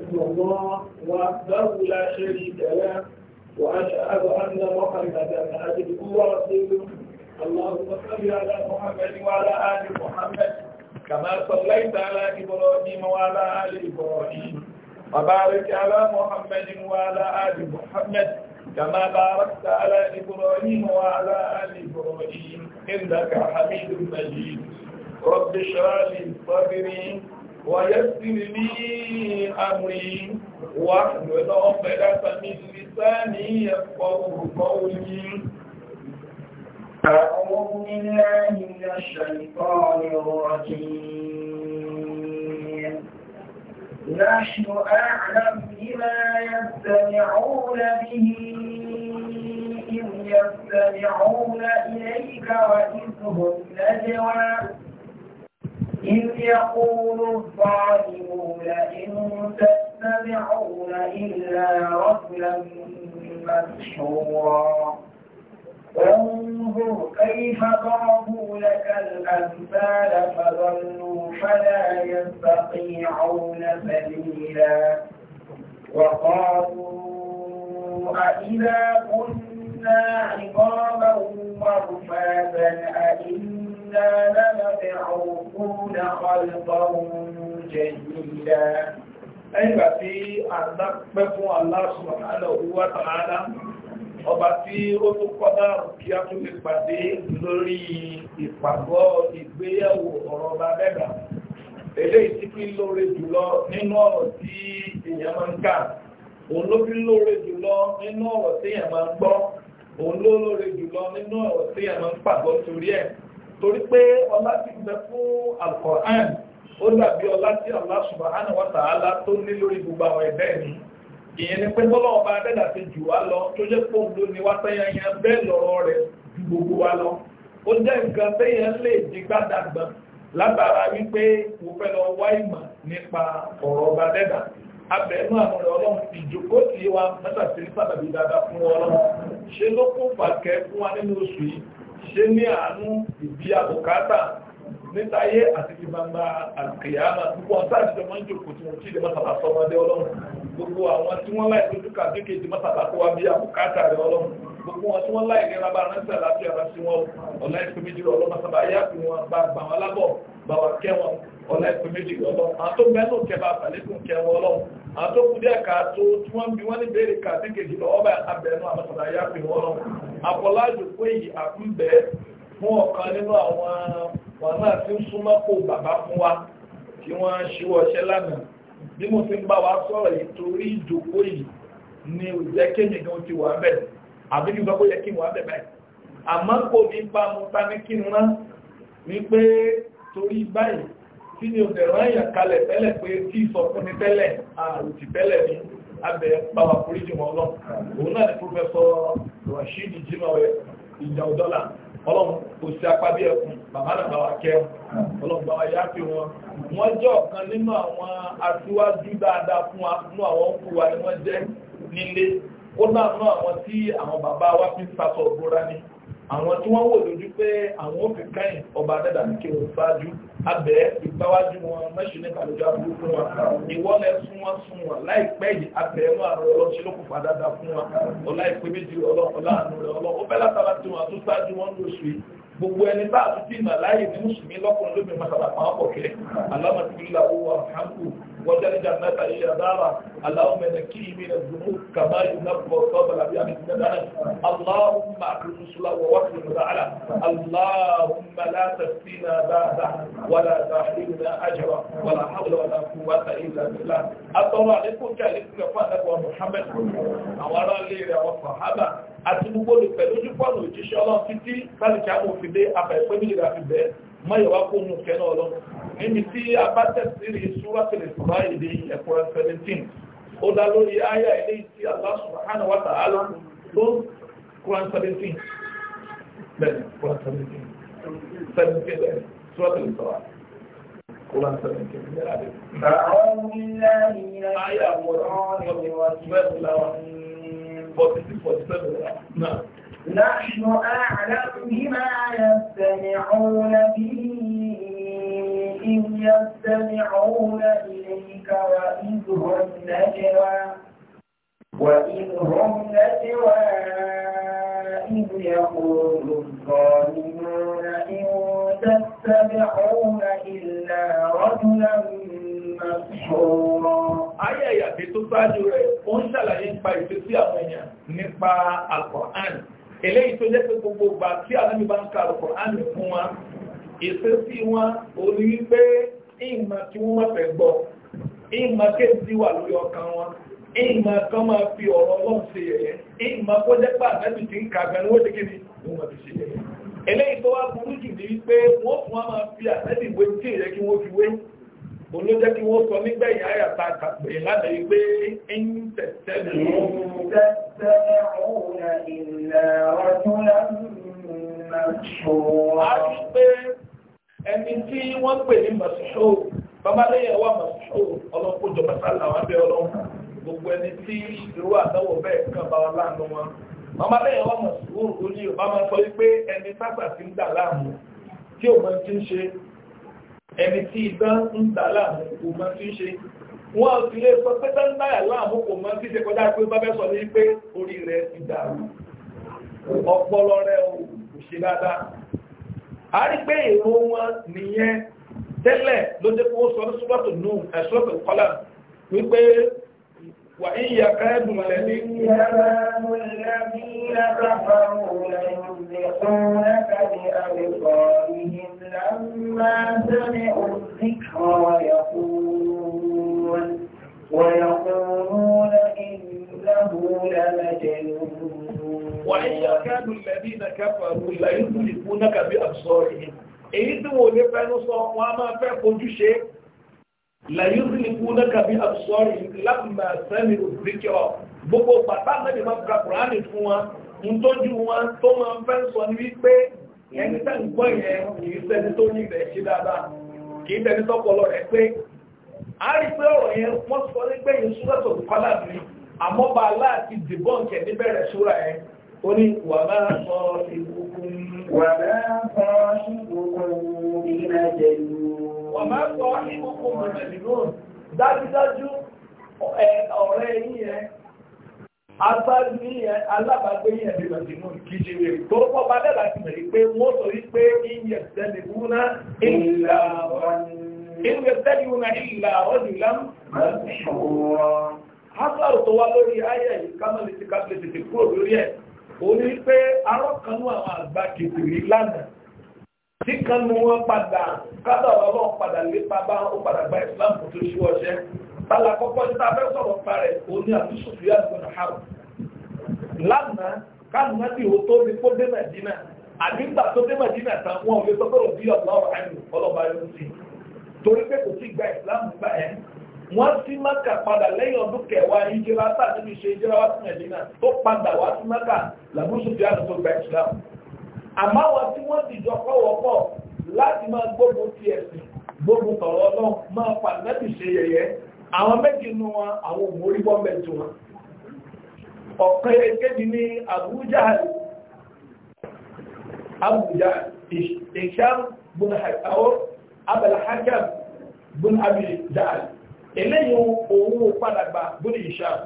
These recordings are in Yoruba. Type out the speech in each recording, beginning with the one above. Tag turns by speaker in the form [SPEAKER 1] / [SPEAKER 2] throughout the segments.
[SPEAKER 1] الله وحده شريك له واشهد ان محمدا عبده ورسوله اللهم صل على محمد وعلى ال محمد كما صليت على ابراهيم وعلى ال ابراهيم وبارك على محمد وعلى ال محمد كما باركت على ابراهيم وعلى ال ابراهيم انك حميد مجيد رب اشرح لي صدري ويسر لي أمري واحلل عقدة من لساني يفقه قولي أعوذ بالله من الشيطان
[SPEAKER 2] الرجيم نحن أعلم بما يستمعون به إذ يستمعون إليك وإذ هم نجوى إذ يقول الظالمون إن تتبعون إلا رجلا مسحورا انظر كيف ضربوا لك الأمثال فظلوا فلا يستطيعون سبيلا وقالوا أإذا كنا عظاما ورفاتا أئنا كنا
[SPEAKER 1] لمبعوثون خلقا جديدا ẹgbà tí àdápẹ́ fún Allah subhanahu wa ta'ala ọba tí ó tó kọ́dá kí a tún lè pàdé lórí ìpàgọ́ ìgbéyàwó ọ̀rọ̀ ọba mẹ́ta eléyìí tí kí lóore jùlọ nínú ọ̀rọ̀ tí èèyàn máa ń kà òun lóore jùlọ nínú ọ̀rọ̀ tí èèyàn máa ń gbọ́ òun jùlọ nínú ọ̀rọ̀ tí èèyàn máa ń pàgọ́ torí ẹ̀ torí pé ọlá ti gbẹ fún alkọ̀án ó dàbí ọlá tí Allah subhanahu wa ta'ala tó ní lórí gbogbo àwọn ẹ̀dẹ́ ni ìyẹn ni pé bọ́lá ọba adẹ́dà ni wá sẹ́yẹnyẹn bẹ́ẹ̀ lọ́rọ̀ rẹ̀ ju gbogbo wa lọ ó jẹ́ nǹkan sẹ́yẹn lè di gbádàgbà látara wípé mo fẹ́ lọ wá ìmọ̀ nípa ọ̀rọ̀ ọba adẹ́dà abẹ́nú àwọn ọ̀rẹ́ ọlọ́run ìjókòó tí wa mẹ́tàtí sábàbí dáadáa fún ọlọ́run ṣe ló kún fàkẹ́ fún wa nínú oṣù yìí ṣe ní àánú ìbí àbùkátà nítayé àti ti gbangba àkìyàmà gbogbo ọ̀sá àti ń jòkó tí wọ́n tí mọ́sàbà sọmọdé ọlọ́run gbogbo àwọn tí wọ́n láì lójú kàdé kejì mọ́sàbà kó wá bí gbogbo wọn tí wọ́n láì rẹ rábà rántí sí wọn méjì ọlọ́run mọ́sàbà yá fi wọn bá gbà wọn lábọ̀ bá méjì ọlọ́run àwọn tó mẹ́nu àpọ̀lájù pé yìí àbúbẹ̀ fún ọ̀kan nínú àwọn wọn náà tí ń súnmọ́ kó bàbá fún wa tí wọ́n ṣíwọ́ ṣẹ́ lánàá bí mo fi ń bá wa sọ̀rọ̀ yìí torí yìí ni ò jẹ́ kéèyàn gan ti wà bẹ̀ àbí kí n sọ pé yẹ kí n wà bẹ̀ báyìí àmọ́ kò ní bá mu ta ní kí n rán wípé torí báyìí tí ni òbẹ̀ rán èèyàn kalẹ̀ tẹ́lẹ̀ pé tí ìsọfúnni tẹ́lẹ̀ àrùtì tẹ́lẹ̀ ni abẹ̀ pàwàkúrí jùmọ̀ lọ òun náà ni púpẹ́ rọ̀ṣídì jìnà rẹ̀ ìjà ọ̀dọ́là ọlọ́run kò sí apá bí ẹkùn bàbá náà bá wa kẹ́ ọlọ́run bá wa yá pé wọn wọ́n jẹ́ ọ̀kan nínú àwọn aṣíwájú dáadáa fún wa nínú àwọn òkú wa ni wọ́n jẹ́ nílé ó náà náà àwọn tí àwọn bàbá wa fi ń sasọ̀ ni àwọn tí wọ́n wò lójú pé àwọn ó fi káyìn ọba dẹ́dà ní kí wọ́n fájú abẹ́ ìgbáwájú wọn mẹ́ṣù nípa lójú àbúrú fún wa ìwọ́lẹ̀ fún wọn fún wa láìpẹ́ yìí abẹ́ wọn àrùn ọlọ́sí ló kò fà dáadáa fún wa ọláìpẹ́ méjì ọlọ́ọ̀lọ́àánú rẹ̀ ọlọ́ ó fẹ́ وجعل جنتها هي دارا اللهم نكيه من الذنوب كما ينقى الثوب الابيض من الدنس اللهم اكرم الصلاه ووكل الزعله اللهم لا تفتنا بعده ولا تحرمنا اجره ولا حول ولا قوه الا بالله اتوب عليكم كالكم فانا محمد àwọn ará ilé rẹ̀ àwọn fàhábà àti gbogbo olùpẹ̀lú ojú pọ̀nà òjíṣẹ́ ọlọ́run títí láti kí a mọ̀ máyọ̀wá kó mú kẹ́ náà lọ níbi tí a bá tẹ̀sírí súrátìlì sùrá èdè ẹ̀kọ́ 17 ó dá lórí ayá ilé tí Allah subhanahu wa ta'ala tó Quran 17 Quran 17 17 Quran 17 bẹ́ẹ̀ adé. Àwọn ilé ìrìn àyà wọ̀rọ̀ ọ̀rọ̀ ìwà ìwẹ̀ نحن
[SPEAKER 2] أعلم بما يستمعون به إذ يستمعون إليك وإذ هم نجوى وإذ هم نجوى إذ يقول الظالمون إن تتبعون
[SPEAKER 1] إلا رجلا aye أي àyàfi tó sáájú rẹ̀, ó ń ṣàlàyé nípa ìfésí àwọn èèyàn nípa eléyìí tó jẹ́ pé gbogbo ìgbà tí ànábì bá ń ka Al-Kùránì fún wa ìṣesí wọn ò ní wípé ìmọ̀ tí wọ́n máa fẹ́ gbọ́ ìmọ̀ kéèsì wà lórí ọkàn wọn ìmọ̀ kan máa fi ọ̀rọ̀ ọlọ́run ṣe yẹ̀yẹ́ ìmọ̀ kó jẹ́ pé ànábì ti ń ka gan-an wọ́n ti kí ni wọ́n máa fi ṣe yẹ̀yẹ́ eléyìí tó wá burú jù ní wípé wọ́n fún wa máa fi olójẹ́ kí wọ́n sọ nígbẹ̀yìn àyàtà àgbàgbè lánàá wípé ń tẹ̀tẹ̀ ẹni tí wọ́n pè ní mọ̀ṣọ́ babaléyẹ̀ wà mọ̀ṣọ́ ọlọ́pọ̀jọ mẹ́sàlá wọn bẹ́ ọlọ́run gbogbo ẹni tí irú àdáwò bẹ́ẹ̀ kan bá wọn láàánú wọn babaléyẹ̀ wà mọ̀ṣọ́ òní ọba máa sọ wípé ẹni sábà ti ń dà láàmú tí òun ti ń ṣe ẹni tí ìgbá ń dà láàmú kò máa fi ń ṣe wọ́n ti lè sọ pé tẹ́ńdáyà láàmú kò máa fi ṣe kọjá pé bá fẹ́ sọ ní pé orí rẹ̀ ti dàrú ọpọlọ rẹ̀ ò ṣe dáadáa a rí pé èrò wọn nìyẹn tẹ́lẹ̀ ló dé kó sọ ní nù ẹ̀ṣọ́tò kọ́lá wípé wà ń yà ká
[SPEAKER 2] لما سمعوا الذكر ويقول ويقولون إنه لمجنون
[SPEAKER 1] وإن يكاد الذين كفروا ليزلفونك بأبصارهم èyí tí wọ́n lè fẹ́nu sọ wọ́n a máa fẹ́ fojú ṣe lẹ́yìnlẹ́kún kàbí àbúsọ́rì láti máa sẹ́mi òbíkẹ́ ọ̀ gbogbo pàtàkì máa gbàkùránì fún wọn ń tójú wọn tó máa fẹ́ sọ ní wípé ẹni tẹ́ ń gbọ́ e kìí sẹ́ni tó nífẹ̀ẹ́ ṣe dáadáa kìí sẹ́ni tọ́pọlọ rẹ̀ pé a rí pé ọ̀rọ̀ yẹn wọ́n sọ nígbẹ́ yìí àmọ́ bá láti dìbọ́ǹkẹ̀ níbẹ̀rẹ̀ ó wà sọ sọ wà sọ agbárí alábàgbé yẹn lè lọ sínú ìkíjì rẹ̀ tó pọ̀ bá dẹ́gbà ti mẹ̀rí pé wọ́n sọ rí pé iye sẹ́lẹ̀ wúná ìlà ọdún ìlàm hasar tó wá lórí ayé ìkámọ̀lẹ̀ ti kápẹ̀lẹ̀ ti kúrò lórí ẹ̀ ó ní pé arọ́kanú àwọn àgbà kìtìrí lánàá tí kanú wọn padà kádà ọlọ́run padà lépa bá ó padà gba ìsìlámù tó ṣíwọ́ṣẹ́ bala kọ́kọ́ ní tàbí sọ̀rọ̀ parẹ̀ òní àbúṣòfì àgbọ̀nà hàrù lánàá kánàá bí o tó ní kó dé Mẹdínà àdígbà tó dé Mẹdínà tán wọn ò lè sọ́kọ̀rọ̀ bí ọ̀làwọ̀ àìlú ọlọ́ba yóò sí torí pé kò sí gba ìsìlámù gbà ẹ́ wọ́n sí Mákà padà lẹ́yìn ọdún kẹwàá ìjẹ́ra tá níbi ìṣe ìjẹ́ra wá sí Mẹdínà tó padà wá sí Mákà làbúṣòfì àgbọ̀nà tó gba ìsìlámù àmọ́ wọn tí àwọn méjì nù wọn àwọn òmórí wọ́n mẹ́jọ wọn ọ̀pẹ́ kéjì ní àbújá àbújá ìṣàm bùn àwọ́ abẹ̀lẹ̀hákàm bùn àbìjà eléyìn òun padàgbà bùn ìṣàm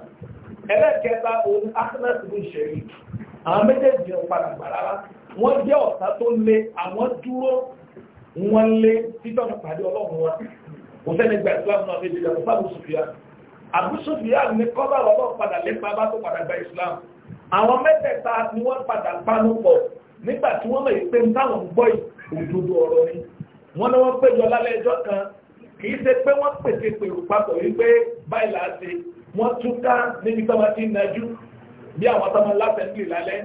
[SPEAKER 1] ẹlẹ́kẹta òun ahmed bùn ṣẹ̀rí àwọn méjèèjì padàgbà rárá wọ́n jẹ́ ọ̀tá tó lé àwọn dúró wọ́n lé títọ́nà pàdé ọlọ́run wọn kò sẹ́ni islam náà níbi ìjọba fún abúsùfìyà abúsùfìyà ní kọ́bà lọ́wọ́ padà lépa islam àwọn mẹ́tẹ̀ẹ̀ta ni wọ́n padà panu pọ̀ nígbà tí wọ́n mọ̀ pé táwọn gbọ́ òdodo ọ̀rọ̀ ni wọ́n ní wọ́n péjọ lálẹ́ ẹjọ́ kan kì í ṣe pé wọ́n pèsè pèrò papọ̀ wípé báyìí là á ṣe wọ́n túká níbi tó máa ti nájú bí àwọn tó máa lásẹ̀ńdì lálẹ́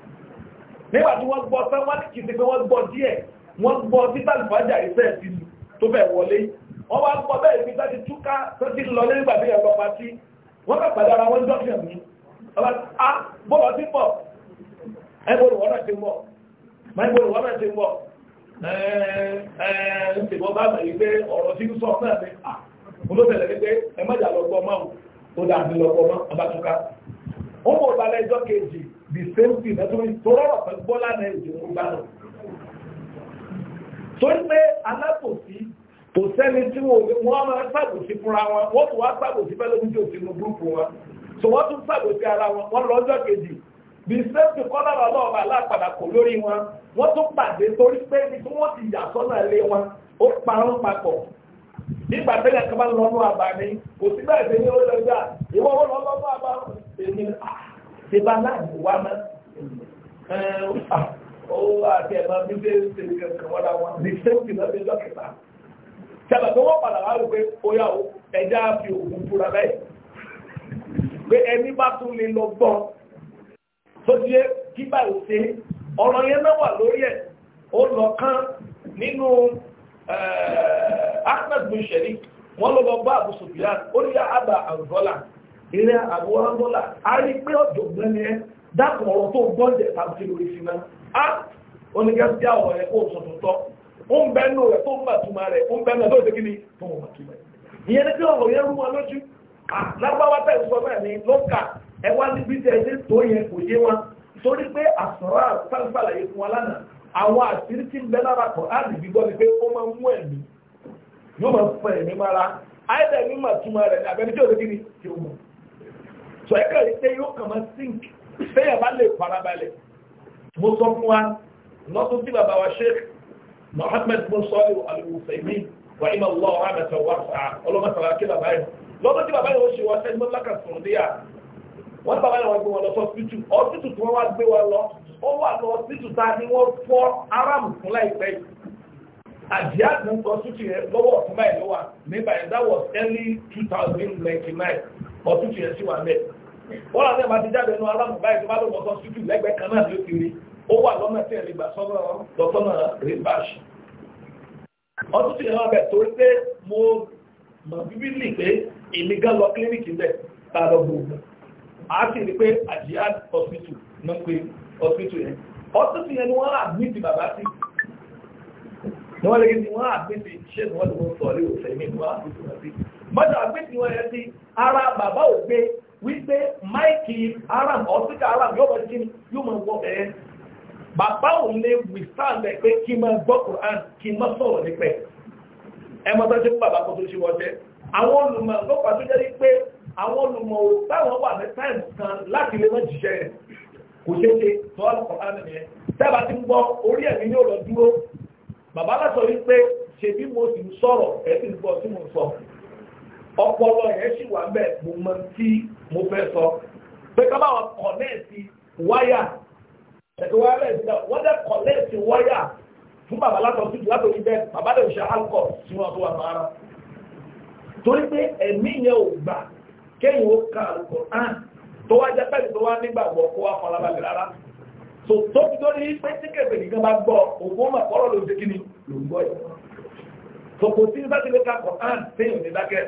[SPEAKER 1] nígbà tí wọ́n gbọ́ sán wọ́n ní kìí sí pé wọ́n gbọ́ díẹ̀ wọ́n gbọ́ títà ìfàjà ìfẹ́ ti tó bẹ̀ wọlé wọ́n wá gbọ́ bẹ́ẹ̀ ní sáti túká sáti lọ lé nígbà tí ẹ̀ lọ pàtí wọ́n bẹ̀ pàdé ara wọn jọ́sìn mi a bọ́ọ̀lù ti ah, pọ̀ ẹ bọ́ọ̀lù wọ́n náà ti mọ̀ máa ń bọ́ọ̀lù wọ́n náà ti mọ̀ ẹ ẹ ń tèmọ́ bá mẹ́rin pé ọ̀rọ̀ tí ń sọ náà ni à ah, mo ló tẹ̀lé pé ẹ má jà lọ gbọ́ the same thing lẹ́tọ́rí tó rọrọ̀ pẹ̀lú bọ́lá náà ìjọ tó gbá lọ. tó ń pé alábòsí kò sẹ́ni tí wọ́n máa ṣàbòsí fúnra wọn wọ́n tún wá ṣàbòsí fẹ́ lójú òsì inú gúrùpù wọn so wọ́n tún ṣàbòsí ara wọn wọ́n lọ́jọ́ kejì the same thing kọ́lá lọ́wọ́ ọba aláàpàdà kò lórí wọn wọ́n tún pàdé torí pé ibi tí wọ́n ti yà sọ́nà lé wọn ó parun papọ̀ nígbà tẹ́lẹ̀ kan bá lọ́nú àbá ni kò sí bẹ́ẹ̀ sí ní ó lọ́jà ìwọ́n lọ́nú àbá èmi ah ṣe bá láàbù wá mọ́ owó àti ẹ̀mọ́ bí ṣe ń ṣe kankan wọ́n dá wọn ní ṣé ó ti lọ sí dókítà ṣàbà tó wọ́n padà wá rò pé ó yà ó ẹja fi òògùn fúra bẹ́ẹ̀ pé ẹni bá tún lè lọ gbọ́n tó ti yẹ kí báyìí ṣe ọ̀rọ̀ yẹn náà wà lórí ẹ̀ ó lọ kán nínú Ahmed bin wọ́n lọ bá Abu Sufyan ó ní àbá àrùbọ́là eré àbúwá lọ́la a rí pé ọ̀jọ̀gbọ́n ni ẹ dákùn ọ̀rọ̀ tó gbọ́njẹ̀ tàbí lórí sinmi á onígẹ́sí àwọ̀ rẹ̀ kó sọ tòótọ́ ó ń bẹ́ nù rẹ̀ tó ń bà túmọ̀ rẹ̀ ó ń bẹ́ nù rẹ̀ tó ń ṣe kí ni tó ń bà túmọ̀ rẹ̀ ìyẹn ni pé ọ̀rọ̀ yẹn rú wọn lójú lágbàwá tẹ̀ sọ bẹ́ẹ̀ ni ló kà ẹ wá níbi tí ẹ ṣe tó yẹn kò yé wọn torí pé àsọ̀rọ̀ àtàlùfàlà yìí fún wa lánàá àwọn àṣírí tí ń bẹ lára pọ̀ á lè gbígbọ́ ni pé ó máa sọ ẹ́ kẹ̀lé pé yóò kàn máa sink fẹ́yà bá lè farabalẹ̀ mo sọ fún wa lọ́tún tí bàbá wa sheikh mohammed musaali alùsèmí wà ní ọlọ́ ọ̀hánàtà wà sàá ọlọ́mọsàlá kí bàbá yẹn lọ́tún tí bàbá yẹn ó ṣe wá sẹ́ni mọ́láka sọ̀rọ̀díyà wọ́n bàbá yẹn wọ́n gbé wọn lọ sọ fítù ọ́fítù tí wọ́n wá gbé wọn lọ ó wà lọ fítù ta ni wọ́n fọ́ aráàmù fún láìpẹ́ yìí àjíàgbọ̀n ọ̀tútù yẹn sì wà mẹ́ wọ́n àti ẹ̀ma ti jáde nu alámùbá ẹ̀ tó bá lọ́wọ́ sọ tútù lẹ́gbẹ̀ẹ́ kan náà ló ti rí ó wà lọ́nà tí ẹ̀ lè gbà sọ́nà lọ́sọ́nà rí báṣì ọ̀tútù yẹn wà bẹ̀ torí pé mo mọ̀ bíbí lì pé èmi gán lọ kílíníkì bẹ̀ tá a lọ gbogbo a sì rí pé àjíyá hospital náà pé hospital yẹn hospital yẹn ni wọ́n rà ní ti bàbá sí ni wọ́n lè ní wọ́n àgbẹ̀sẹ̀ ṣé ni wọ́n lè wọ́n sọ̀rọ̀ mọ́tà àgbẹ̀tì wọn yẹn ti ara bàbá ò gbé wípé máìkì aram ọ̀síkà aram yóò máa kíni yóò máa wọ ẹ̀ bàbá ò lè withstand ẹ̀ pé kí máa gbọ́ Quran kí máa sọ̀rọ̀ nípẹ̀ ẹ mọ́tà ṣe fún bàbá kan tó ṣe wọ́n jẹ́ àwọn olùmọ̀ ló pàtó jẹ́ wípé àwọn olùmọ̀ ò táwọn wà ní táìmù kan láti lè má jíṣẹ́ rẹ̀ kò ṣe ṣe tó wà lọ́kọ̀ọ́ láàrin yẹn tẹ́bà ti ń gbọ́ orí ẹ̀mí ní ò lọ dúró bàbá látọ̀ wípé ṣèbí mo sì ń sọ̀rọ̀ ẹ̀ sì ń gbọ́ sí mo sọ ọpọlọ yẹn sì wà bẹ́ẹ̀ mo mọ tí mo fẹ́ sọ pé ká báwọn kọ̀nẹ́ẹ̀tì wáyà ẹ̀tọ́ wáyà bẹ́ẹ̀ sí náà wọ́n dẹ́ kọ̀nẹ́ẹ̀tì wáyà fún bàbá látọ̀ sí ìdílátò yìí bẹ́ẹ̀ bàbá dẹ̀ ṣe alcohol sí wọn tó wà mára torí pé ẹ̀mí yẹn ò gbà kéyìn ó ka àlùkò án tó wá jẹ́ pẹ́lú tó wá nígbàgbọ́ kó wá fọlábalẹ̀ rárá tó tó fi lórí pé tí kẹfẹ́ nìkan bá gbọ́ ògbó mà kọ́rọ̀ ló ń ṣe kí ni ló ń gbọ́ yìí tó kò sí nígbà tí ló án téèyàn ní dákẹ́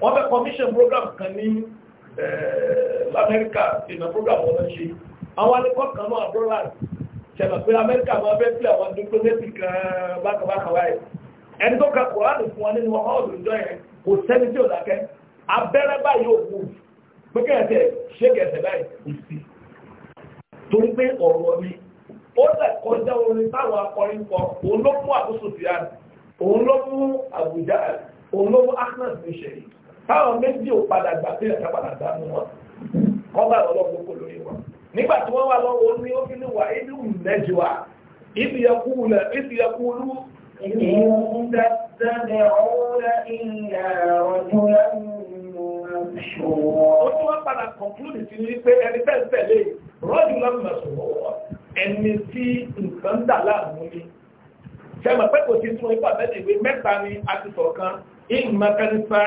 [SPEAKER 1] wọ́n fẹ́ commission program kan ní lamẹ́ríkà eh, ìnà program wọn ṣe àwọn alẹ́kọ̀ọ́ kan náà dọ́là ṣẹlẹ̀ pé amẹ́ríkà máa fẹ́ pé àwọn diplomatic eh, bákàbákà wáyé ẹni tó ka kòránì fún wa nínú ọmọ ọdún ìjọ yẹn kò sẹ́ni tí ò dákẹ́ abẹ́rẹ́ báyìí ò wù pé kẹ́ẹ̀tẹ̀ ṣé kẹ́ẹ̀tẹ̀ báyìí kò sí torí pé ọ̀rọ̀ mi ó lẹ̀ kọjá orin táwọn akọrin kọ òun ló mú àkóso tìyàn òun ló mú àbújá òun ló mú ahmed níṣẹ́ yìí táwọn méjì ò padà gbà pé ẹ̀ka padà dánú wọn kọ́bà ọlọ́run kò lórí wọn nígbà tí wọ́n wà lọ́wọ́ ní ó fi ní wà inú mẹ́jọ wa ibi ẹkú lẹ̀ ibi ẹkú lú. ó tún wọ́n padà conclude sí ní pé ẹni bẹ́ẹ̀ tẹ̀lé rọ́jù lọ́nà sọ̀rọ̀ ẹni tí nǹkan dà láàmú ni sẹ́mi pé kò sí tún ipò àbẹ́lẹ̀ ìwé mẹ́ta ni a ti sọ̀kan ìmọ̀kanífà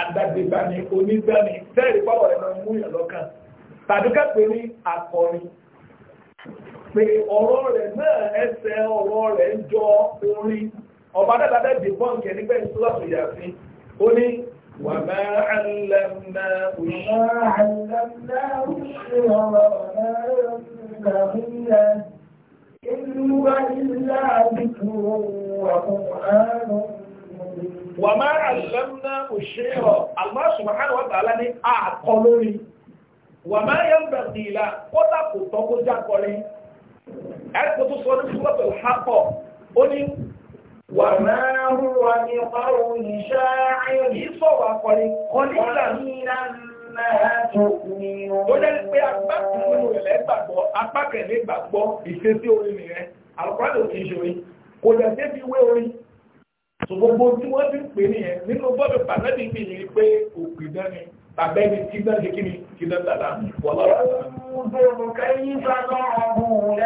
[SPEAKER 1] àdàgbègbà ni onígbà ni tẹ́rì pọ́wọ̀ ẹ̀nà mú yàn lọ́kàn tàbí kẹ́pẹ́ ní akọrin pé ọ̀rọ̀ rẹ̀ náà ẹsẹ̀ ọ̀rọ̀ rẹ̀ ń jọ orin ọba dáadáa dé bọ́ǹkì ẹni pẹ́ ìṣúlọ́pù yàfin ó ní wàmẹ́ àlẹ́mẹ́ òṣìṣẹ́
[SPEAKER 2] àlẹ́mẹ́ òṣìṣẹ́ ọ̀rọ̀ rẹ̀ ń
[SPEAKER 1] wà máa àlẹ́mùná òṣèrò Allah subhanahu wa ta'ala ní àkọ́ lórí wà máa yẹ ń bẹ̀rẹ̀ ìlà kódà kò tọ́ kó jákọ́rí ẹ̀kọ́ tó sọ ní fúlọ́pẹ̀ hápọ̀ ó ní wà máa ń wà ní ọrùn ìṣá yìí sọ̀rọ̀ akọrin kọ́lí ìlànà tó jẹ́ pé apá kìíní rẹ̀ gbàgbọ́ apá kẹ̀lé gbàgbọ́ ìṣesí orin nìyẹn àlùkò so gbogbo tí wọ́n ti ń pè nìyẹn nínú bọ́ọ̀lù pàtàkì mi ni pé òpè dání bàbá ẹni tí náà ṣe kí ni kí náà dàda wọ́n lọ́wọ́.
[SPEAKER 2] انظر كيف ضربوا لك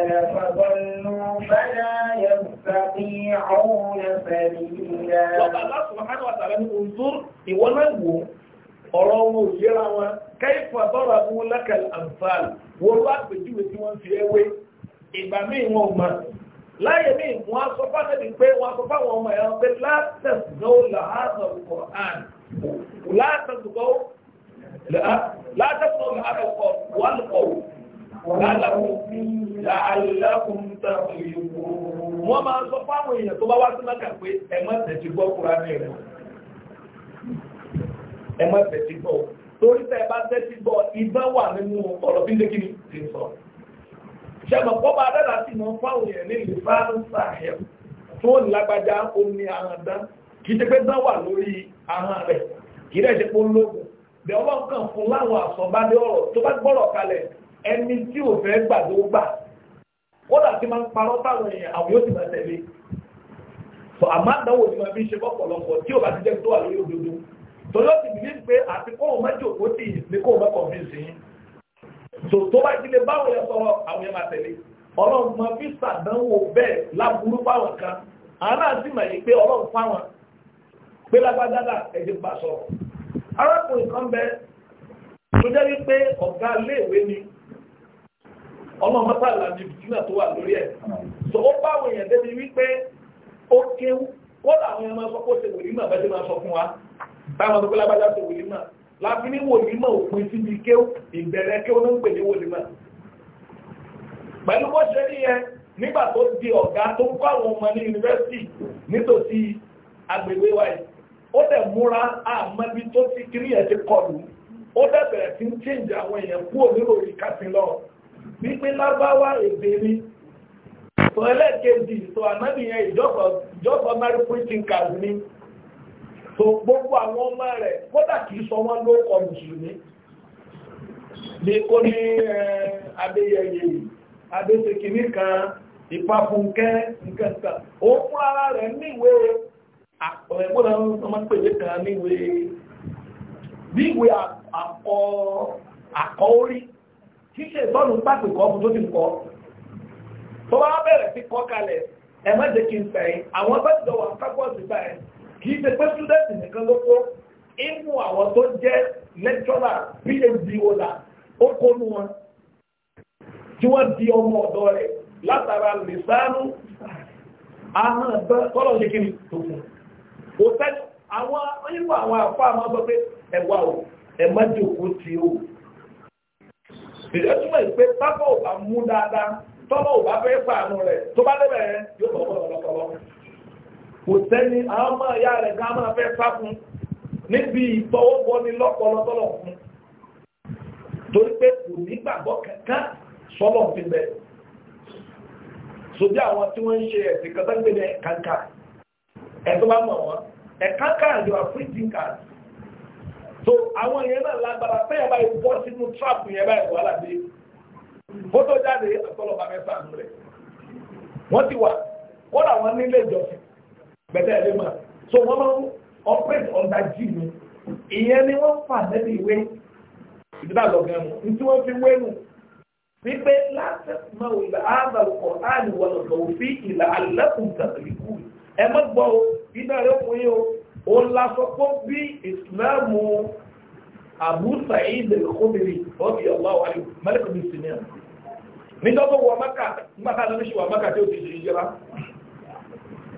[SPEAKER 2] الأمثال فضلوا فلا يستطيعون سبيلا.
[SPEAKER 1] الله سبحانه وتعالى انظر ìwọ náà wò ọ̀rọ̀ wọn ò yẹra wọn kẹ́yìnfà bọ́ra fi ẹwé ìgbà míì wọn ò láyé mi wọn sọ fánàbí pé wọn sọ fáwọn ọmọ ẹ̀yàn pé látẹ̀sùgọ́ làhásọ̀ kọ̀án látẹ̀sùgọ́ làhásọ̀ kọ̀wálùkọ̀wù làálàkùn tàbí ìlú wọn máa sọ fáwọn èèyàn tó bá wá sí mẹ́kà pé ẹ̀mọ́ tẹ̀sí gbọ́ kúrá ní ẹ̀rọ ẹ̀mọ́ tẹ̀sí gbọ́ torí tẹ́ bá tẹ́sí gbọ́ ìbá wà nínú ọ̀rọ̀ bí ṣẹ́mọ̀ pọ́ bá dára sí mọ́ fáwọn èèyàn ní ìlú bá ń sàáyẹ̀ tó ń lágbàjá omi àràndá kì í ṣe pé dán wà lórí àrán rẹ̀ kì í rẹ̀ ṣe pé ó lóògùn bẹ̀ ọlọ́run kan fún láwọn àsọ̀bádé ọ̀rọ̀ tó bá gbọ́rọ̀ kalẹ̀ ẹni tí ò fẹ́ gbà ló gbà kódà tí máa ń parọ́ táwọn èèyàn àwọn yóò ti máa tẹ̀lé sọ àmọ́ àdánwò ni máa fi ṣe fọ́pọ̀lọpọ̀ tí ò bá ti jẹ́ tó wà lórí òdodo torí ó ti bìlí pé àti kóhùn mẹ́jọ kó tì ní kóhùn mẹ́kọ̀ọ́ fi sìn so tó bá ti lè báwọn yẹn sọ̀rọ̀ àwọn yẹn máa tẹ̀lé ọlọ́run máa fi sàdánwò bẹ́ẹ̀ láburú fáwọn kan àwọn náà sì mọ̀ yìí pé ọlọ́run fáwọn pé lágbádáda ẹ̀jẹ̀ bá sọ̀rọ̀ arákùnrin kan bẹ tó jẹ́ wípé ọ̀gá iléèwé ni ọlọ́run mọ́tàlá ni bìtínà tó wà lórí ẹ̀ so ó báwọn yẹn débi wípé ó kéwú kódà àwọn yẹn máa sọ pé ó ṣe wòlímà bẹ́ẹ̀ máa sọ fún wa báwọn tó pé lágbádá ṣe wòlímà láti ní wòlímọ̀ òpin síbi kéw ìbẹ̀rẹ̀ kéw ló ń pè ní wòlímọ̀ pẹ̀lú bó ṣe rí yẹn nígbà tó di ọ̀gá tó ń kọ́ àwọn ọmọ ní yunifásitì nítòsí agbègbè wa yìí ó dẹ̀ múra àmọ́bí tó ti kiri yẹn ti kọlù ó dẹ̀ bẹ̀rẹ̀ sí ń change àwọn èèyàn kúrò nílò ìkàsìn lọ wípé lábáwá èdè ni sọ ẹlẹ́ẹ̀kejì sọ ànábìyẹn ìjọba mary preaching card ni tó gbogbo àwọn ọmọ rẹ̀ kódà kìí sọ wọ́n ló kọ mùsùlùmí ní kó ní adéyẹyẹ adéṣekìní kan ìpapùnkẹ́ nǹkankan ó fún ara rẹ̀ níwé ọ̀rẹ́gbọ́n ọmọ pèlé kan níwé níwé àkọ́órí ṣíṣe ìtọ́nù pàpè kọ́ fún tó ti kọ́ tó bá bẹ̀rẹ̀ sí kọ́ kalẹ̀ ẹ̀mọ́jẹ́ kí n fẹ̀yìn àwọn bẹ́ẹ̀ kìí ṣe pé student nìkan ló kó inú àwọn tó jẹ́ lecturer phd holder ó kó nu wọn tí wọ́n di ọmọ ọ̀dọ́ rẹ̀ látara lè sáánú ahọ́n ẹ̀gbẹ́ kọ́lọ̀ ṣe kí ni tó fún un òtẹ́ àwọn irú àwọn àfáà máa sọ pé ẹ̀wà o ẹ̀ má jòkó tí o ìrẹ́ túmọ̀ ìpé pápá ò bá mú dáadáa tọ́lọ̀ ò bá fẹ́ pàánù rẹ̀ tó bá lẹ́bẹ̀ẹ́ yóò bọ̀ bọ̀ lọ́kọ̀ọ́ kò sẹ́ni àwọn ọmọ ìyá rẹ̀ gan máa fẹ́ sá fún níbi ìfọwọ́bọni lọ́pọ̀lọpọ̀lọ̀ fún torí pé kò nígbàgbọ́ kankan sọ́lọ̀ fi bẹ̀ sojú àwọn tí wọ́n ń ṣe ẹ̀sìn kan gbé ní kankan ẹ̀tọ́ bá mọ̀ wọ́n so àwọn yẹn náà lágbára fẹ́yà báyìí bọ́ sínú trap yẹn báyìí wàhálà dé fótó jáde àtọ́lọ́ba mẹ́fà ń rẹ̀ wọ́n ti wà gbẹ̀tẹ́ ẹ̀lẹ́ mà so wọ́n máa ń operate under G ni ìyẹn ni wọ́n fà lẹ́nu ìwé ìdílé àlọ́gán mu ní tí wọ́n fi wé nu wípé láti mọ ìlà ààbà ọkọ̀ ààrẹ wọn lọ́dọ̀ òfin ìlà alẹ́kùn tàbíkù ẹ má gbọ́ o iná rẹ̀ fún yín o ó lásọ pé bí ìsìláàmù Abu Sa'id al-Khudri ọ̀bì ọ̀láwà mẹ́lẹ́kùn ní sinimá nígbà tó wọ Mákà nígbà tá a lọ sí tí ó ti ṣe ìjọba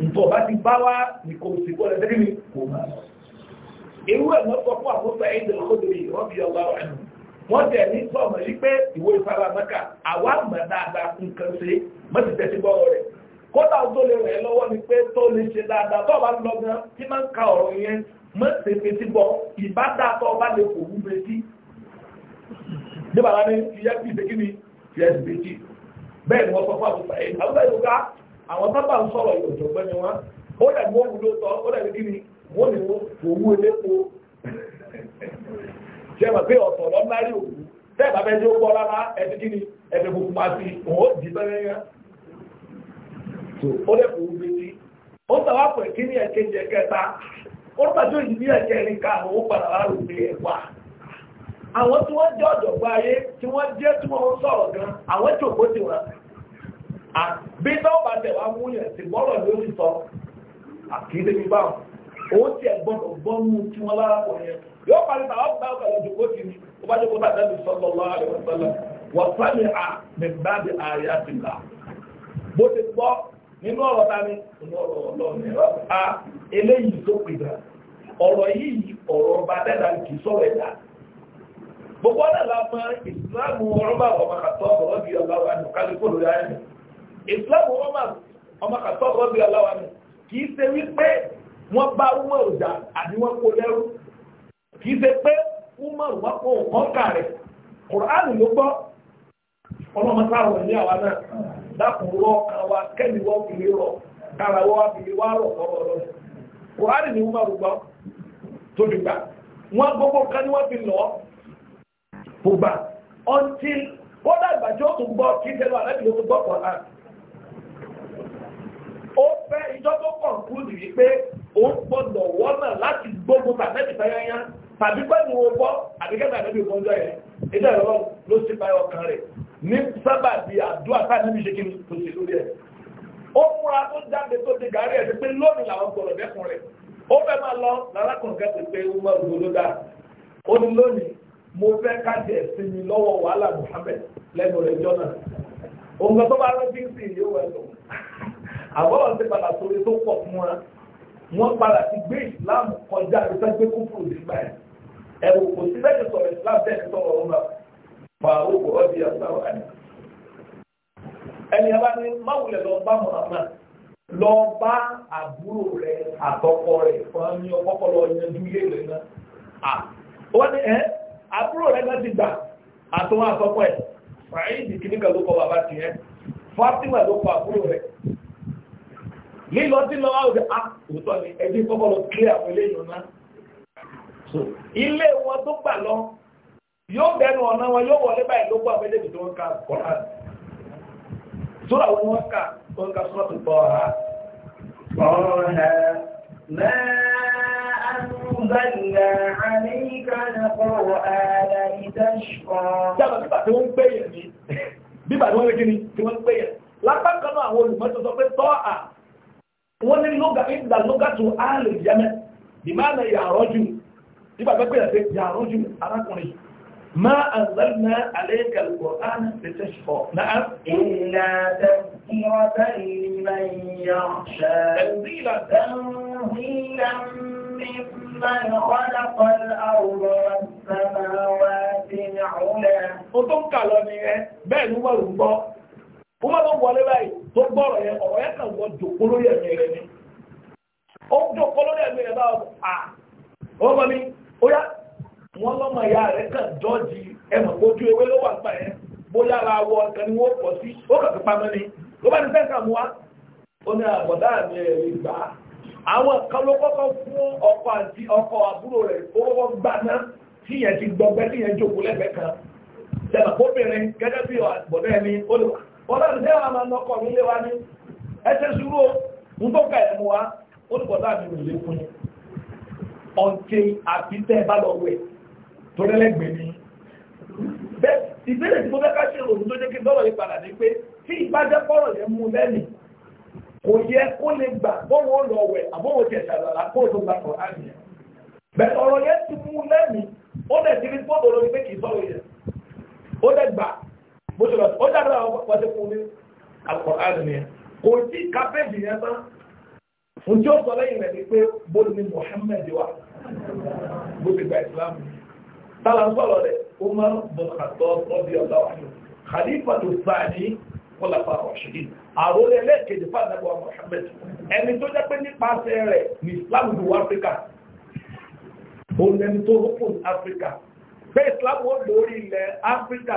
[SPEAKER 1] ìtọ̀ bá ti bá wá ní kò sí kó lẹ́sẹ̀ ní kò máa lọ. irú ẹ̀ lọ sọ fún àkóso ẹ̀yìn lọ́dọ̀rì rọ́bì ọba ọ̀hún wọ́n tẹ̀ ní sọ̀mọ̀ yí pé ìwé ìfara mẹ́ka àwa mọ̀ dáadáa nǹkan ṣe mọ́tì tẹ̀sí gbọ́rọ̀ rẹ̀ kódà tó lè rẹ̀ lọ́wọ́ ni pé tó lè ṣe dáadáa tó bá ń lọ gan tí máa ń ka ọ̀rọ̀ yẹn mọ́tì fetí bọ́ ni ìyá fi ṣe kí ni ìyá fi fetí bẹ́ẹ̀ ni àwọn sábà ń sọ̀rọ̀ yìí ni wọ́n ó dẹ̀ mú ó kí ni wọ́n ní òwú elépo ṣe mọ̀ pé ọ̀tọ̀ lọ náà tẹ́ bá bẹ́ẹ̀ ó gbọ́ rárá ẹni kí ni ẹni funfun máa fi òun ó di bẹ́rẹ̀ yẹn ó dẹ̀ kò wú létí ó sàwá ni ẹ̀kejì ẹ̀kẹta ó ní ká àwọn ó padà àwọn tí wọ́n jẹ́ ayé tí wọ́n jẹ́ tí wọ́n sọ̀rọ̀ gan àwọn tí ti wọ́n Ah, bido tó bá tẹ̀ wá sọ báwọn ó ti ah, ẹ̀gbọ́dọ̀ gbọ́nú tí wọ́n lára pọ̀ yẹn yóò parí bá ọgbà ọgbà lọ́jọ́ kó ti ní ó bá jókòó bá dábì sọ́lọ́ lọ́wọ́ wọ́n à ààrẹ àti ti gbọ́ nínú ọ̀rọ̀ nínú ọ̀rọ̀ a ah, eléyìí tó pè la ìsìlámù ìsìláàmù Umar ọmọ kàtọ́ ọ̀rọ̀ aláwa ni kì í ṣe wípé wọ́n bá Umar ọ̀dà àbí wọ́n kó lẹ́rú kì í ṣe pé Umar wọ́n kó nǹkan kà rẹ̀ Kùránì ló gbọ́ ọlọ́mọ sáwọn ilé àwa náà àwa kẹ́mi wọ́n fi lè rọ̀ kára wọ́n fi lè wá rọ̀ ọ̀rọ̀ ni Umar gbọ́ tó wọ́n gbogbo kan ni fẹ́ ìjọ tó kàn kú nì wípé ó ń gbọdọ̀ wọ́nà láti gbógun tàbẹ́bì sáyáyá tàbí pẹ́lú owó àbí kẹ́ta àbẹ́bì ìkọjọ́ yẹn ilé ẹ̀rọ ló sì bá ọkàn rẹ̀ ní sábàbí àdúrà táà níbi ṣe kí ni tó ṣe lórí ẹ̀ ó múra tó jáde tó di gàárì ẹ̀ pé lónìí làwọn gbọdọ̀ dẹ́kun rẹ̀ ó fẹ́ máa lọ lárákùnrin kẹ́sì pé ó mọ ògbó ló dáa ó ní lónìí mo fẹ́ kájẹ̀ sinmi lọ́wọ́ wàhálà Muhammad lẹ́nu rẹ̀ jọ́nà òǹkà tó bá àbọ̀rọ̀ ti padà sórí tó pọ̀ fún wa wọ́n padà ti gbé islam kọjá àbíkà gbé kúfùrù nígbà yẹn ẹ̀wò kò sí lẹ́yìn sọ̀rọ̀ islam tẹ̀lé sọ̀rọ̀ ọ̀hún náà fàáwó kò ọ́ di àtàwọ̀ àná. ẹni ẹ bá ní máwùlẹ̀ lọ bá Muhammad lọ bá àbúrò rẹ̀ àtọkọ rẹ̀ fún mi ọkọ lọ yanjú yé rẹ̀ náà. wọ́n ní ẹ àbúrò rẹ̀ náà ti gbà àtúnwá àtọkọ ẹ̀ fàáyì ìdí kìnnìkan ló kọ bàbá tiẹ̀ Fatima ló kọ àbúrò rẹ̀ lílọ sí lọ wáwọ̀ pé ah òótọ́ ni ẹbí kọ́kọ́ lọ kí àwọn eléyìí náà so ilé wọn tó gbà lọ yóò bẹnu ọ̀nà wọn yóò wọlé báyìí ló gbọ́ àbẹ́lẹ́bì tí wọ́n ká kọ́lá sóra wọn wọ́n ká wọ́n ká sọ́rọ̀ tó tọ́ ọ̀rá ọ̀rẹ́ mẹ́ẹ̀ẹ́
[SPEAKER 2] àtúgbàlẹ̀
[SPEAKER 1] àríkà nàkọ̀rọ̀ ààrẹ ìdáṣọ́ jábọ̀ bíbà tí wọ́n ń pè yẹ̀ ní bíbà tí wọ́n ń pè yẹ̀ lápá kan náà àwọn olùmọ́tò sọ pé tọ́ à wọ́n ní lóga ìdá lóga tó ààrẹ yẹmẹ́ ìmáàlẹ̀ yàrọ́jú nígbà pẹ́pẹ́ yàtẹ́ yàrọ́jú arákùnrin ma anzalna alayka al-qur'ana
[SPEAKER 2] litashqa na'am
[SPEAKER 1] kó má lọ wọlé báyìí tó gbọ́rọ̀ yẹn ọ̀rọ̀ yẹn kàn wọ́n jòkó lórí ẹ̀mí rẹ̀ ni ó ń jòkó lórí ẹ̀mí rẹ̀ báwọn à wọ́n mọ̀ ní ó yá wọ́n lọ́mọ ìyá rẹ̀ kàn jọ́ọ̀jì ẹ̀mọ̀ ojú ewé ló wà ń pa yẹn bóyá ara wọ ọ̀kan ni wọ́n pọ̀ sí ó kàn fi pamọ́ ni ló bá ní fẹ́ kà mú wa ó ní àbọ̀dá mi ẹ̀ lè gbà á àwọn kan ló kọ́kọ́ fún ọkọ̀ àti ọkọ̀ àbúrò rẹ̀ ó gbaná tí yẹn ti gbọgbẹ́ tí yẹn jòkó lẹ́gbẹ̀ẹ́ kan lẹ́gbẹ̀ẹ́ kóbìnrin gẹ́gẹ́ bí ọ̀bọ̀dá ẹni ó lè wà bọ́lá ní ẹ̀rọ àmà ọkọ̀ mi lé wa ní ẹsẹ̀ sùúrù o ń tó ka ẹ̀mú wa ó ní bọ́lá mi ò lè fún yín ọ̀tẹ̀ àti tẹ́ ẹ bá lọ wẹ̀ tó lẹ́lẹ́gbẹ̀ẹ́ ni bẹ́ẹ̀ ìbéèrè tí mo fẹ́ ká ṣe òun tó jẹ́ kí dọ́lọ̀ yìí padà ní pé tí ìbájẹ́ kọ́rọ̀ yẹn mú lẹ́nì kò yẹ kó lè gbà bọ́wọ́ lọ wẹ̀ àbọ̀wọ̀ tẹ̀ ṣàlàlà kó tó gbà kọ̀ ánìyàn bẹ́ẹ̀ ọ̀rọ̀ bó ṣe lọ ó dára wọ́n ti fún ní Al-Qur'an yẹn kò sí kápẹ́ẹ̀dì yẹn tán ǹjẹ́ ó sọ lẹ́yìn rẹ̀ ni pé bóyá ni Muhammad wà Umar bin Khattab radiyallahu anhu khalifa tó sáàdì kọlàfà ọ̀ṣìdì àrólẹ̀ lẹ́ẹ̀kejì fàdàbọ̀ Muhammad ẹni tó jẹ́ pé nípasẹ̀ rẹ̀ ní Islam ju Áfíríkà òun ẹni tó rọ́pò Áfíríkà pé Islam ó lórí ilẹ̀ Áfíríkà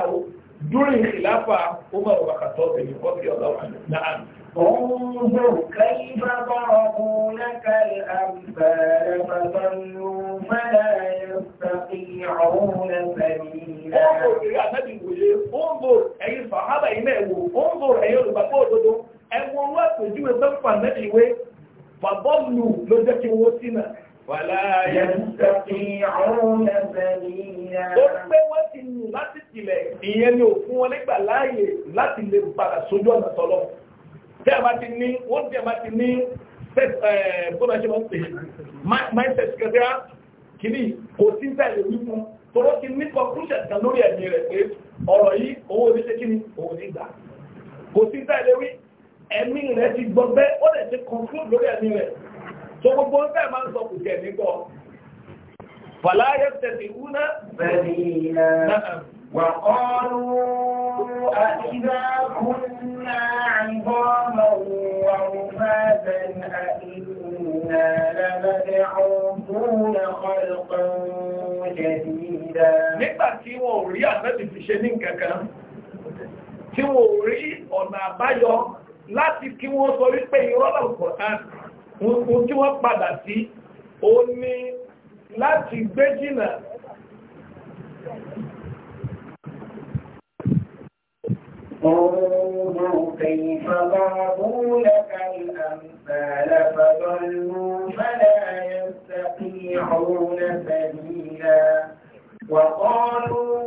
[SPEAKER 1] during khilafa Umar wa Khattab bin radiyallahu anhu na'am انظر كيف
[SPEAKER 2] ضربوا لك الأمثال فضلوا فلا
[SPEAKER 1] يستطيعون سبيلا انظر يا نبي انظر أي الصحابة إمامه انظر أي البقوة ẹwọ wá pèjúwe bẹ́ẹ̀ fà nẹ́bí wé fàbọ́ọ̀lù ló jẹ́ kí wọ́n sínà Wàlá yẹ̀mùsàfihàn ẹ̀bẹ̀nìyà. Ó pé wọ́n ti nù láti tilẹ̀. Ìyẹn ni ò fún wọn nígbà láàyè láti lè padà sójú ọ̀nà tọ́lọ́. Tí a bá ti ní, ó ti a bá ti ní, bọ́nà ṣe máa ń pè é, mindset kẹfẹ́ kìíní kò sí tẹ̀lé wípé tọ́lọ́ ti ní conclusion kan lórí ẹ̀mí rẹ̀ pé ọ̀rọ̀ yìí owó oníṣẹ́ kìíní òun ní gbà. Kò sí tẹ̀lé wí, ẹ̀mí rẹ̀ ti gbọ́ tó gbogbo ń fẹ́ máa ń sọ kù jẹ́ nígbọ́ fàlá yẹ tẹ̀sí wúná وقالوا
[SPEAKER 2] أئذا كنا عظاما ورفاتا أئنا لمبعوثون خلقا
[SPEAKER 1] nígbà tí wọn rí àmẹ́bì fi ṣe ní kankan tí wọn rí ọ̀nà àbáyọ láti kí wọ́n sọ wípé ìrọ́lọ̀ kọ̀ọ̀tán nǹkan tí wọ́n padà sí ó ní láti gbé jìnà
[SPEAKER 2] انظر كيف ضربوا لك الأمثال فضلوا فلا يستطيعون سبيلا وقالوا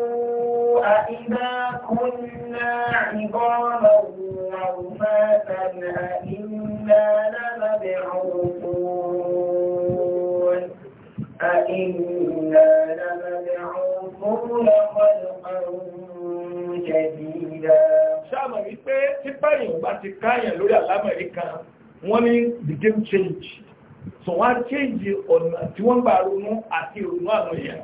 [SPEAKER 2] أئذا كنا عظاما ورفاتا أئنا لمبعوثون أئنا
[SPEAKER 1] لمبعوثون خلقا جديدا sáàmà wípé tí báyìí bá ti káyàn lórí àlámẹ̀rí kan wọ́n ní the game change so wọ́n change ọ̀nà tí wọ́n gbà ronú àti ìrònú àwọn èèyàn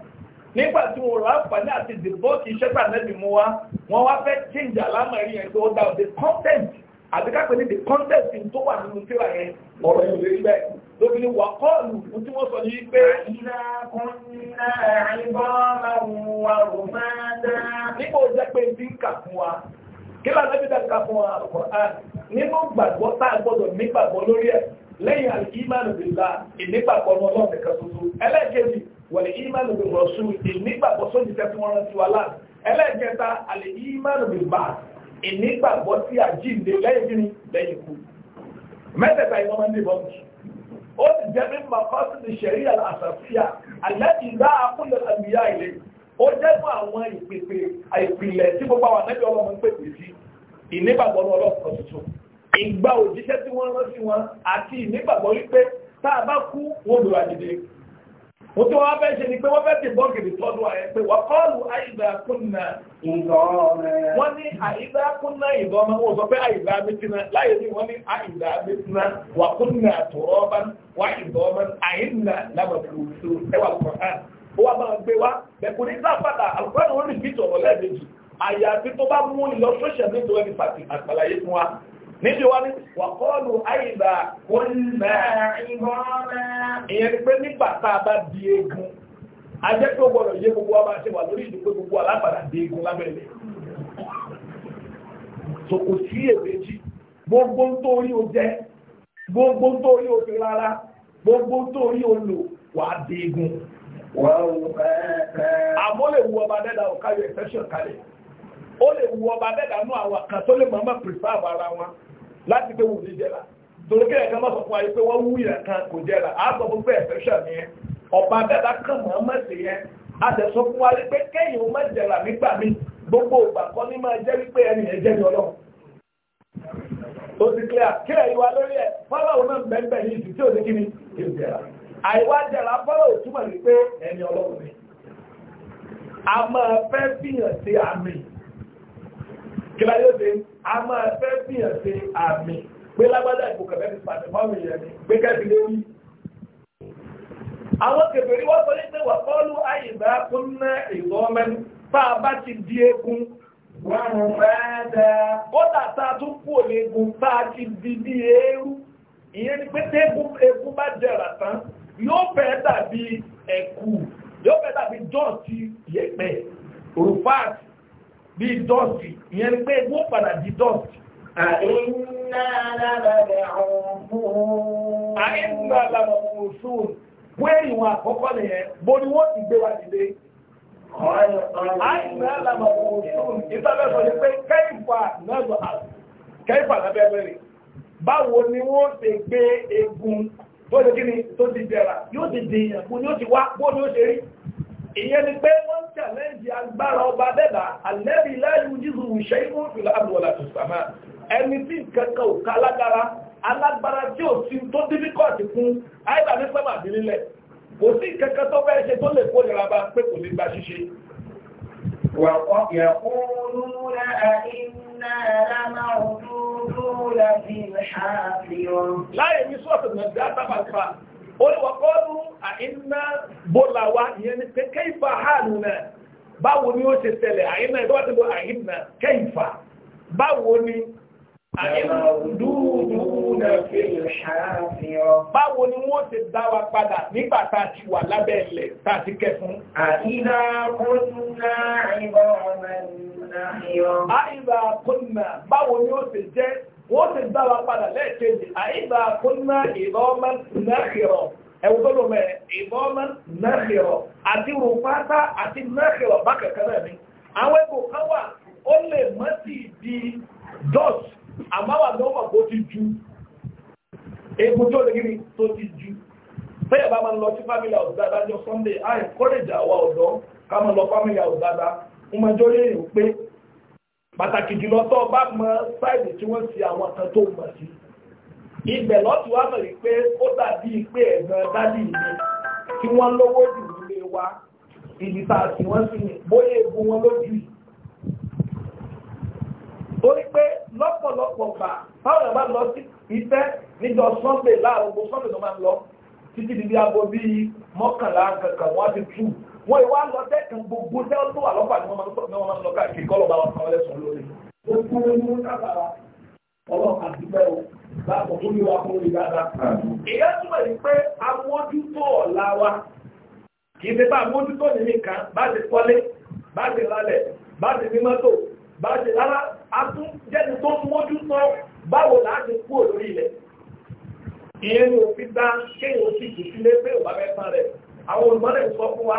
[SPEAKER 1] nígbà tí wọ́n rọ àǹfààní àti dìbọ́ọ̀tì iṣẹ́ gbà nẹ́bí mú wa wọ́n wá fẹ́ change àlámà yẹn tó dá the content àti kápẹ́ ní the content tó wà nínú tíra yẹn ọ̀rọ̀ yẹn lè rí bẹ́ẹ̀ lóbi ni wà kọ́ọ̀lù fún tí wọ́n sọ ní pé. àyíká kúnná àìbọ́ máa wà rò máa dá. nígbà ó jẹ́ pé bí ń kà fún wa kí lànàbí dàgbà fún Al-Qur'an nínú gbàgbọ́ tá a gbọ́dọ̀ nígbàgbọ́ lórí ẹ̀ lẹ́yìn al-imanu billah ìnígbàgbọ́ ọlọ́run nìkan tuntun ẹlẹ́ẹ̀kejì wal imanu bir rasul ìnígbàgbọ́ sójútẹ́ tí wọ́n rántí wa láà ẹlẹ́ẹ̀kẹta al-imanu bil ba'th ìnígbàgbọ́ sí àjíǹde lẹ́yìn kíni lẹ́yìn ikú mẹ́tẹ̀ẹ̀ta ìwọ́n máa ń dìbọn jù ó ti jẹ́ mímọ́ kọ́sìtì ṣẹ̀ríà àṣàfíà àlẹ́ ìdá akúlẹ̀ àmìyá ilé ó jẹ́gbọ́ àwọn ìpèpè àìpìlẹ̀ tí gbogbo àwọn ànábì ọlọ́mọ ń pèpè sí ìnígbàgbọ́ ọlọ́pàá tuntun ìgbà òjíṣẹ́ tí wọ́n rán sí wọn àti ìnígbàgbọ́ wípé tá a bá kú wọ́n bèrè àdìdè mo tí wọ́n fẹ́ ṣe ni pé wọ́n fẹ́ ti bọ́ pé wọ́n kọ́ọ̀lù kúnnà wọ́n ní kúnnà ó wá máa gbé wá bẹ̀kùn ní sáfàdà àlùfáàdà wọn rí bíìtì ọ̀rọ̀ lẹ́ẹ̀mejì àyàfi tó bá mú ìlọ sọ́ṣẹ̀ ní ìtọ́wẹ́ nípa àtàlàyé fún wa níbi wá ní wàkọ́ọ̀lù àìbà ìyẹn ni pé nígbà tá a bá di eegun ajẹ́ tó gbọ́dọ̀ yé gbogbo wa máa ṣe wà lórí ìdúpé gbogbo alápàdà di eegun lábẹ́lẹ̀ so kò sí èméjì gbogbo tó rí o jẹ gbogbo tó rí o fi rárá gbogbo tó rí o lò wà di eegun amu lè ọba dẹ́dà ọ̀ká yọ exception kalẹ̀. Ó lè wu ọba dẹ́dà nú àwọn kan tó lè mọ̀ọ́mọ́ ara wọn láti pé wù ní jẹ́ra. Torí ẹ̀ka má sọ fún ayé pé wọ́n wú kan kò A fún exception ni Ọba dẹ́dà kan mọ̀ọ́mọ́ sí yẹn. A dẹ̀ sọ fún wa pé ó má nígbà Gbogbo máa jẹ́ wípé ẹni yẹn jẹ́ ní ọlọ́run. ti clear kí wa àìwájà lábọ́rọ̀ òtúmọ̀ ní pé ẹni ọlọ́run ni a máa fẹ́ fihàn sí àmì kíláyọ́dé a máa fẹ́ fihàn sí àmì pé lágbádá ìfòkànlẹ́ ti pàdé mọ́mì yẹn ni pé kẹ́bí lé wí. àwọn kèfèrí wọ́n sọ pé wà kọ́lù àyìnbá fún ná ìlú ọmọ ẹni tá a bá ti di eegun wọ́n rẹ̀ dáa ó dàtà tún kú òní egun tá a ti di bí eérú ìyẹn ni pé tẹ́gùn egun bá jẹ̀rà tán yóò fẹ́ dàbí ẹ̀kú yóò fẹ́ dàbí dọ́ọ̀tì yẹ̀pẹ̀ rufat bí dọ́ọ̀tì ìyẹn ni pé wọ́n padà di dọ́ọ̀tì. àìnà lábàbẹ̀ ọ̀hún. àìnà lábàbẹ̀ ọ̀hún. wẹ́ẹ̀rì wọn àkọ́kọ́ nìyẹn bó ni wọ́n ti gbé wa dìde. àìnà lábàbẹ̀ ọ̀hún. ìtàbẹ̀sọ̀ ni pé kẹ́yìnfà náà lọ àlù kẹ́yìnfà lábẹ́ bẹ̀rẹ̀ báwo ni wọ́n ti gbé egun tó ti kíni tó ti jẹrà yóò ti pé wọ́n ń agbára ọba bẹ́bà alẹ́bí láyé jízu ìṣẹ́ ìmú àbúwọ̀lá tó sàmà ẹni tí kankan ò alágbára alágbára tí ò sí tó difficult fún àìbà ní sẹ́mà nílẹ̀ kò sí kankan tó fẹ́ ṣe tó lè kó nira bá láyé ní sọ́ọ̀tù nàìjíríà tábàtà olùwàkọ́lù àìná bọ́làwà ìyẹn ni pé kẹ́ìfà hàlù náà báwo ni ó ṣe tẹ̀lẹ̀ àìná ìdọ́wà tí ó àìná kẹ́ìfà báwo ni àìná dúdú náà báwo ni wọ́n ṣe dá wa padà nígbà tá a ti wà lábẹ́ ilẹ̀ tá a ti kẹ́ báwo ni ó ṣe jẹ́ wọ́n ti dá padà lẹ́ẹ̀kejì àìbá kúnná ìbọ́mọ́ nàkìrọ̀ ẹ̀wù tó lò mẹ́ ìbọ́mọ́ nàkìrọ̀ àti rùpátá àti nàkìrọ̀ bákan náà ni àwọn ẹ̀kọ́ kan wà ó lè mọ́ sí di dọ́t àmáwà lọ́wọ́ bó ti ju egun tó lè gírí tó ti ju bẹ́ẹ̀ bá máa lọ sí family house dáadáa jọ sunday i encourage àwa ọ̀dọ́ ká máa lọ family house dáadáa mo máa pàtàkì jùlọ tó bá mọ sáìdì tí wọ́n ti àwọn kan tó mọ̀ sí ibẹ̀ lọ́tù wá mọ̀ wípé ó dàbí pé ẹ̀gbọ́n dádì mi tí wọ́n lówó jù nílé wa ìdí tá a sì wọ́n sì ní bóyá ebu wọn lójú yìí torí pé lọ́pọ̀lọpọ̀ gbà táwọn ẹ̀bá lọ sí iṣẹ́ níjọ sunday láàrùn gbogbo sunday ló máa ń lọ títí di bí aago bíi mọ́kànlá kankan wọ́n ti tú wọ́n ìwà lọ dẹ́kun gbogbo tẹ́lẹ̀ tó wà lọ́gbà ni wọ́n máa ń lọ káàkiri kọ́ lọ́ba wa kan lẹ́sùn lórí. ó kú inú sábàá ọlọ́run àti bẹ́ẹ̀ o láàbò tó ní wa kúrò ní dáadáa. ìyá túmọ̀ yìí pé amójútó ọ̀la wa kì í ṣe bá amójútó ní nìkan bá ti kọ́lé bá ti ralẹ̀ bá ti ní mọ́tò bá ti rárá a jẹ́ni tó mójútó báwo láti kú òlórí ilẹ̀ ìyẹn ni òfin dá kéèyàn sì kù sílé pé òbá mẹ́ta rẹ̀ àwọn olùmọ́lẹ̀ sọ fún wa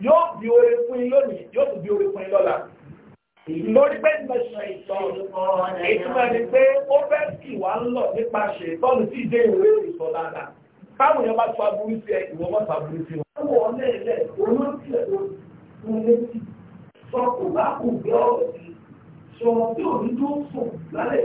[SPEAKER 1] yóò di oore fún yín lónìí yóò tún di oore fún yín lọ́la lórí pé ìmọ̀ṣẹ̀ ìtọ́nù ìtumọ̀ ni pé ó fẹ́ kì wá ń lọ nípa ṣe ìtọ́nù tí ìdé ìwé ìsọ̀ lára táwọn èèyàn bá tó aburú sí ẹ ìwọ mọ́ sàbúrú sí wọn. wọ́n wọ lẹ́lẹ̀ olóńtẹ̀ ló létí sọ kò bá kò gbé ọ̀rọ̀ sí sọ̀rọ̀ tí òní tó sùn lálẹ́